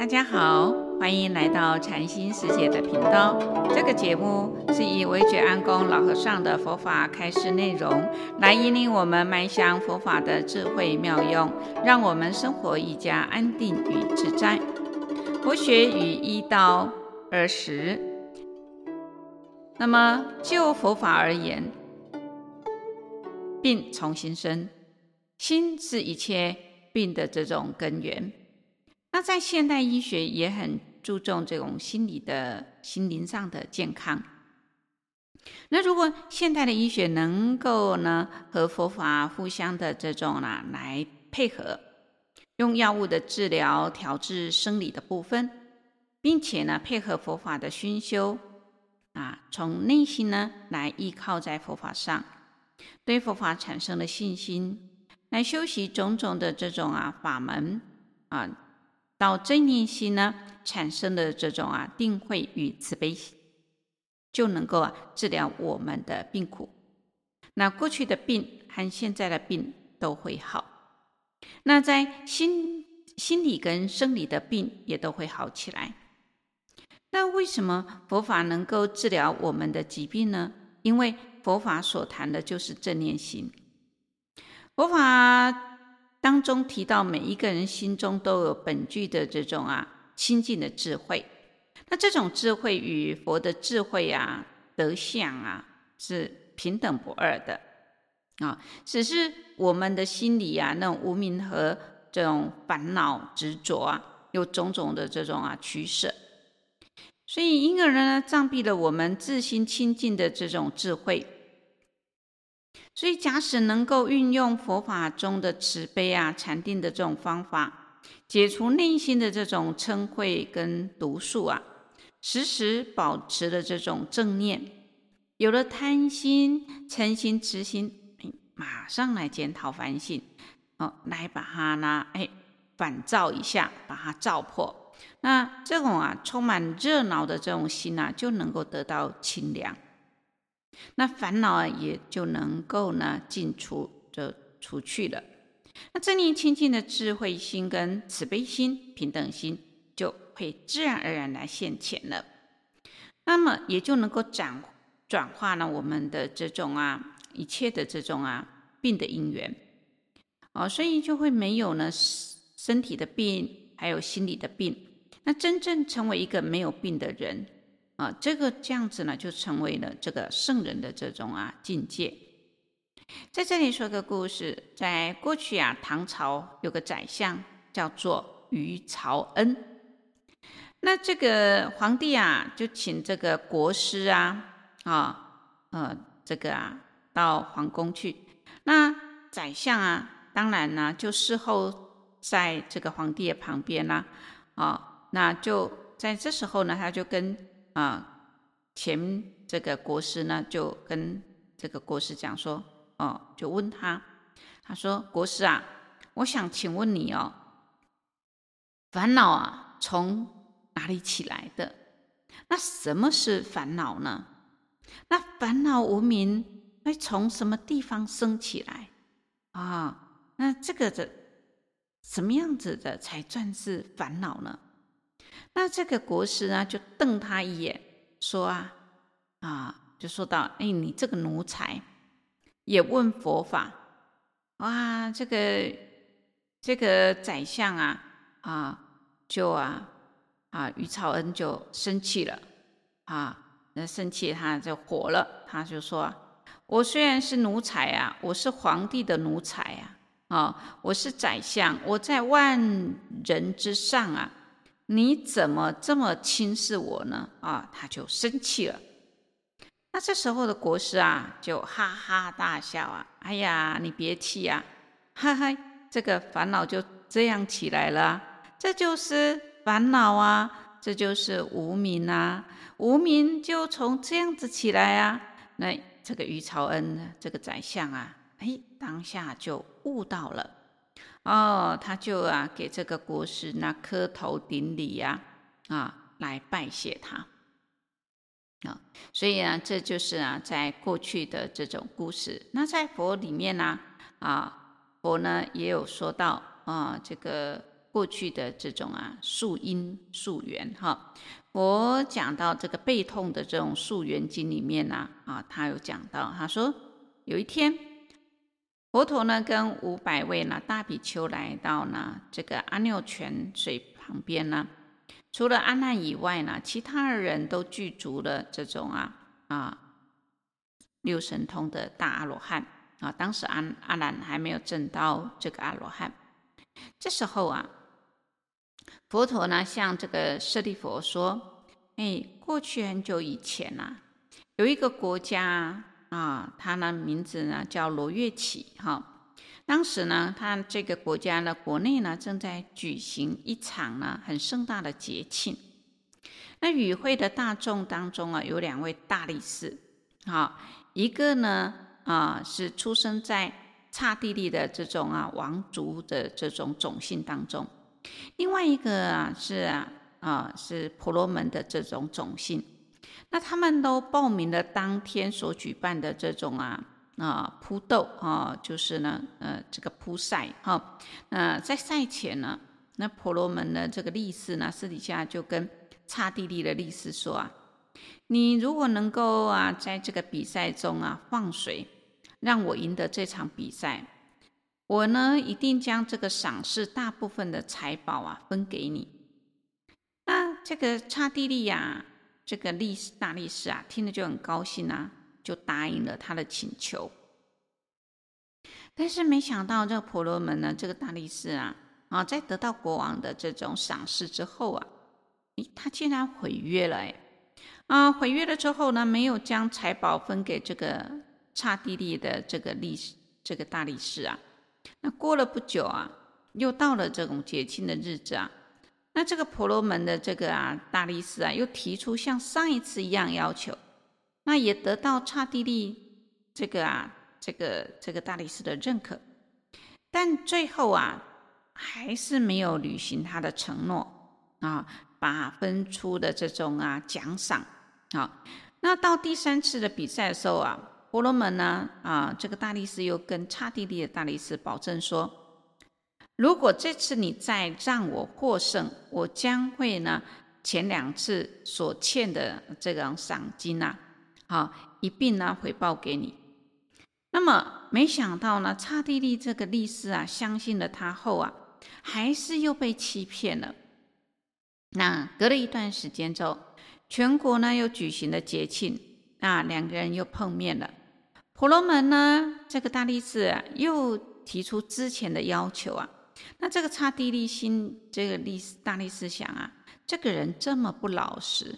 大家好，歡迎來到禪心世界的頻道。這個節目是以惟覺安公老和尚的佛法開示內容來引領我們邁向佛法的智慧妙用，讓我們生活更加安定與自在。佛學與醫道二十，那麼就佛法而言，病從心生，心是一切病的這種根源。那在現代醫學也很注重這種心理的心靈上的健康。那如果現代的醫學能夠呢和佛法互相的這種啊來配合，用藥物的治療調治生理的部分，並且呢配合佛法的熏修啊，從內心呢來依靠在佛法上，對佛法產生了信心，來修習種種的這種啊法門啊。到這念心呢，產生的這種啊，定慧與慈悲，就能夠啊，治療我們的病苦。那過去的病和現在的病都會好。那在心心理跟生理的病也都會好起來。那為什麼佛法能夠治療我們的疾病呢？因為佛法所談的就是這念心，佛法。當中提到，每一個人心中都有本具的這種啊清淨的智慧。那這種智慧與佛的智慧啊、德相啊是平等不二的啊、哦，只是我們的心裡啊那種無明和這種煩惱執着啊，有種種的這種啊取捨，所以因而呢，障蔽了我們自心清淨的這種智慧。所以，假使能夠運用佛法中的慈悲啊、禪定的這種方法，解除內心的這種嗔恚跟毒素啊，時時保持着這種正念，有了貪心、嗔心、癡心、哎，馬上來檢討反省，哦，來把它呢，哎，反照一下，把它照破，那這種啊，充滿熱惱的這種心啊，就能夠得到清涼。那煩惱啊，也就能夠呢，盡除就除去了。那這念清淨的智慧心、跟慈悲心、平等心，就會自然而然來現前了。那麼，也就能夠轉轉化呢，我們的這種啊，一切的這種啊，病的因緣哦，所以就會沒有呢，身體的病，還有心理的病。那真正成為一個沒有病的人。啊，這個這樣子呢，就成為了這個聖人的這種啊境界。在這裡說個故事，在過去啊，唐朝有個宰相叫做魚朝恩，那這個皇帝啊，就請這個國師啊，啊，呃，這個啊，到皇宮去。那宰相啊，當然呢、啊，就侍候在這個皇帝的旁邊啦、啊，啊，那就在這時候呢，他就跟。啊，前這個國師呢，就跟這個國師講說：“哦，就問他，他說國師啊，我想請問你哦，煩惱啊從哪裡起來的？那什麼是煩惱呢？那煩惱無明，會從什麼地方生起來啊？那這個的什麼樣子的才算是煩惱呢？”那這個國師呢，就瞪他一眼，說啊啊，就說道，哎，你這個奴才，也問佛法，哇，這個這個宰相啊啊，就啊啊魚朝恩就生氣了啊，那生氣他就火了，他就說、啊，我雖然是奴才啊，我是皇帝的奴才啊。哦、啊，我是宰相，我在萬人之上啊。你怎麼這麼輕視我呢？啊，他就生氣了。那這時候的國師啊，就哈哈大笑啊。哎呀，你別氣呀、啊，哈哈，這個煩惱就這樣起來了。這就是煩惱啊，這就是無明啊。無明就從這樣子起來啊。那這個魚朝恩呢，這個宰相啊，哎，當下就悟到了。哦，他就啊給這個國師那磕頭頂禮呀、啊，啊來拜謝他，啊，所以呢，這就是啊在過去的這種故事。那在佛裡面、啊啊、佛呢，啊佛呢也有說到啊這個過去的這種啊宿因宿緣哈。佛講到這個背痛的這種宿緣經裡面呢、啊，啊他有講到，他說有一天。佛陀呢，跟五百位呢大比丘來到呢這個阿耨泉水旁邊呢。除了阿難以外呢，其他的人都具足了這種啊啊六神通的大阿羅漢啊。當時阿阿難還沒有證到這個阿羅漢。這時候啊，佛陀呢向這個舍利弗說：“哎，過去很久以前吶、啊，有一個國家。”啊，他呢名字呢叫羅閱祇哈、哦。當時呢，他這個國家呢國內呢正在舉行一場呢很盛大的節慶。那與會的大眾當中啊，有兩位大力士。好、哦，一個呢啊是出生在剎帝利的這種啊王族的這種種姓當中，另外一個啊是啊，啊是婆羅門的這種種姓。那他們都報名了當天所舉辦的這種啊啊撲鬥啊，就是呢呃這個撲賽哈、啊。那在賽前呢，那婆羅門的這個力士呢，私底下就跟剎帝利的力士說啊：“你如果能夠啊在這個比賽中啊放水，讓我贏得這場比賽，我呢一定將這個賞賜大部分的財寶啊分給你。”那這個剎帝利啊。這個力士大力士啊，聽了就很高興啊，就答應了他的請求。但是沒想到，這個婆羅門呢，這個大力士啊，啊，在得到國王的這種賞識之後啊，他竟然毀約了，哎，啊，毀約了之後呢，沒有將財寶分給這個剎帝利的這個力士，這個大力士啊。那過了不久啊，又到了這種節慶的日子啊。那這個婆羅門的這個啊大力士啊，又提出像上一次一樣要求，那也得到剎帝利這個啊這個這個大力士的認可，但最後啊還是沒有履行他的承諾啊，把分出的這種啊獎賞啊。那到第三次的比賽的時候啊，婆羅門呢啊這個大力士又跟剎帝利的大力士保證說。如果這次你再讓我獲勝，我將會呢前兩次所欠的這個賞金啊，好、啊、一併呢回報給你。那麼沒想到呢，剎帝利這個力士啊，相信了他後啊，還是又被欺騙了。那隔了一段時間之後，全國呢又舉行了節慶啊，那兩個人又碰面了。婆羅門呢，這個大力士啊，又提出之前的要求啊。那這個剎帝利心，這個大力士想啊，這個人這麼不老實，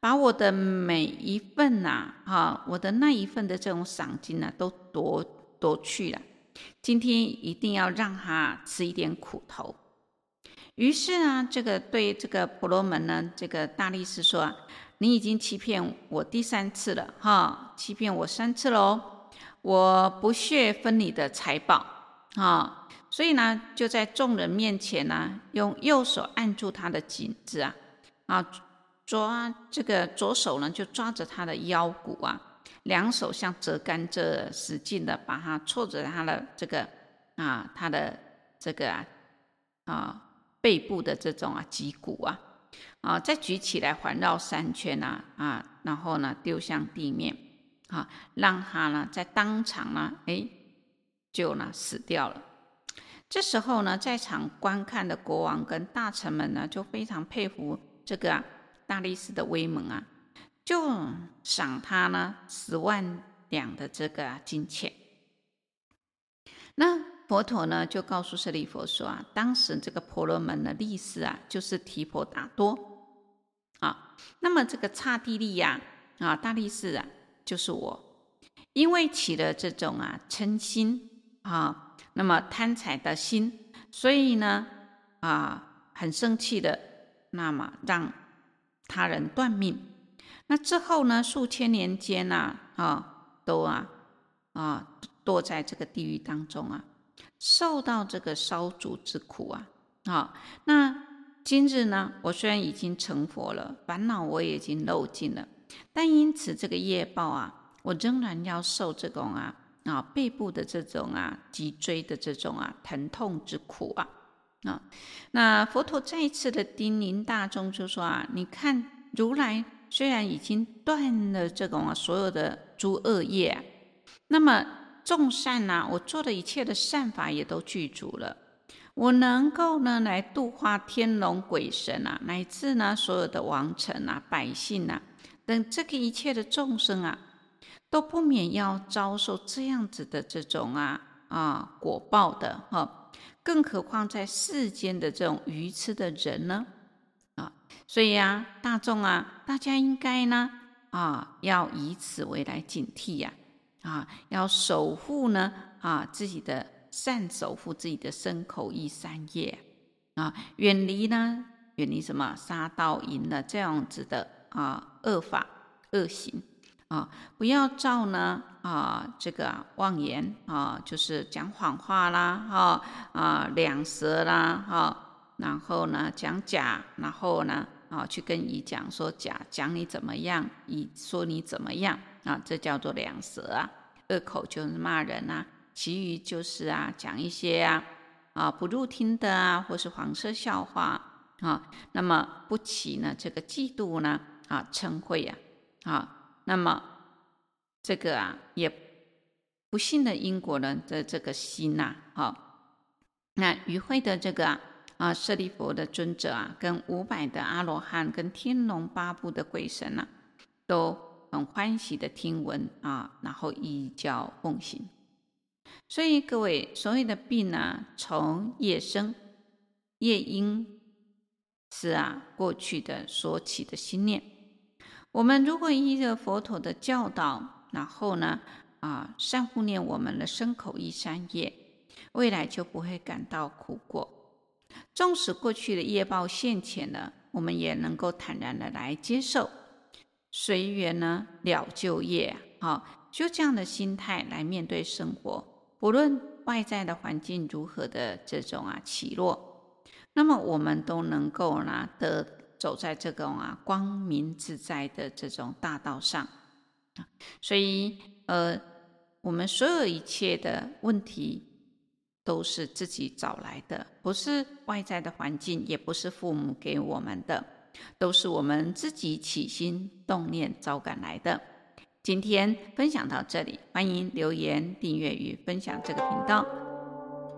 把我的每一份吶、啊，哈、哦，我的那一份的這種賞金呢、啊，都奪奪去了。今天一定要讓他吃一點苦頭。於是呢，這個對這個婆羅門呢，這個大力士說、啊：“你已經欺騙我第三次了，哈、哦，欺騙我三次了，我不屑分你的財寶，啊、哦。”所以呢，就在眾人面前呢，用右手按住他的頸子啊，啊，左這個左手呢就抓着他的腰骨啊，兩手像折甘蔗，使勁的把他挫着他的這個啊，他的這個啊，啊背部的這種啊脊骨啊，啊，再舉起來環繞三圈啊，啊，然後呢丟向地面啊，讓他呢在當場呢，哎，就呢死掉了。這時候呢，在場觀看的國王跟大臣們呢，就非常佩服這個、啊、大力士的威猛啊，就賞他呢十萬兩的這個金錢。那佛陀呢，就告訴舍利弗說：“啊，當時這個婆羅門的力士啊，就是提婆達多啊。那麼這個剎帝利呀，啊，大力士啊，就是我，因為起了這種啊嗔心啊。”那麼貪財的心，所以呢，啊，很生氣的，那麼讓他人斷命。那之後呢，數千年間呢、啊，啊、哦，都啊，啊、哦，墮在這個地獄當中啊，受到這個燒煮之苦啊，啊、哦。那今日呢，我雖然已經成佛了，煩惱我也已經漏盡了，但因此這個業報啊，我仍然要受這種啊。啊、哦，背部的這種啊，脊椎的這種啊，疼痛之苦啊，啊、哦，那佛陀再一次的叮嚀大眾，就說啊，你看如來雖然已經斷了這種啊所有的諸惡業、啊，那麼眾善吶、啊，我做的一切的善法也都具足了，我能夠呢來度化天龍鬼神啊，乃至呢所有的王臣啊、百姓吶、啊、等這個一切的眾生啊。都不免要遭受這樣子的這種啊、啊果報的哈，啊，更何況在世間的這種愚癡的人呢啊，所以啊大眾啊，大家應該呢啊要以此為來警惕呀啊，啊，要守護呢啊自己的善，守護自己的身口意三業啊，遠離呢遠離什麼殺盜淫的這樣子的啊惡法惡行。啊、哦，不要造呢！啊，這個妄言啊，就是講謊話啦，哈、哦、啊，兩舌啦，哈、哦，然後呢，講假，然後呢，啊，去跟乙講說假，講你怎麼樣，乙說你怎麼樣，啊，這叫做兩舌啊，惡口就是罵人吶、啊，綺語就是啊，講一些啊啊不入聽的啊，或是黃色笑話啊，那麼不起呢這個嫉妒呢啊嗔恚呀，啊。那麼，這個啊，也不信的因果呢的這個心吶、啊，好、哦，那與會的這個啊，舍、啊、利弗的尊者啊，跟五百的阿羅漢，跟天龍八部的鬼神吶、啊，都很歡喜的聽聞啊，然後依教奉行。所以各位，所謂的病呢、啊，從業生，業因是啊，過去的所起的心念。我們如果依着佛陀的教導，然後呢，啊，善護念我們的身口意三業，未來就不會感到苦果。縱使過去的業報現前呢，我們也能夠坦然的來接受，隨緣呢了舊業。啊，就這樣的心態來面對生活，不論外在的環境如何的這種啊起落，那麼我們都能夠拿得。走在這個啊光明自在的這種大道上，所以呃，我們所有一切的問題都是自己找來的，不是外在的環境，也不是父母給我們的，都是我們自己起心動念招感來的。今天分享到這裡，歡迎留言、訂閱與分享這個頻道。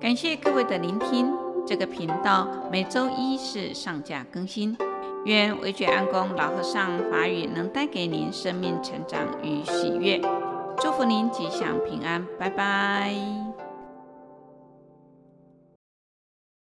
感謝各位的聆聽。這個頻道每周一是上架更新。願惟覺安公老和尚法語能帶給您生命成長與喜悅，祝福您吉祥平安，拜拜。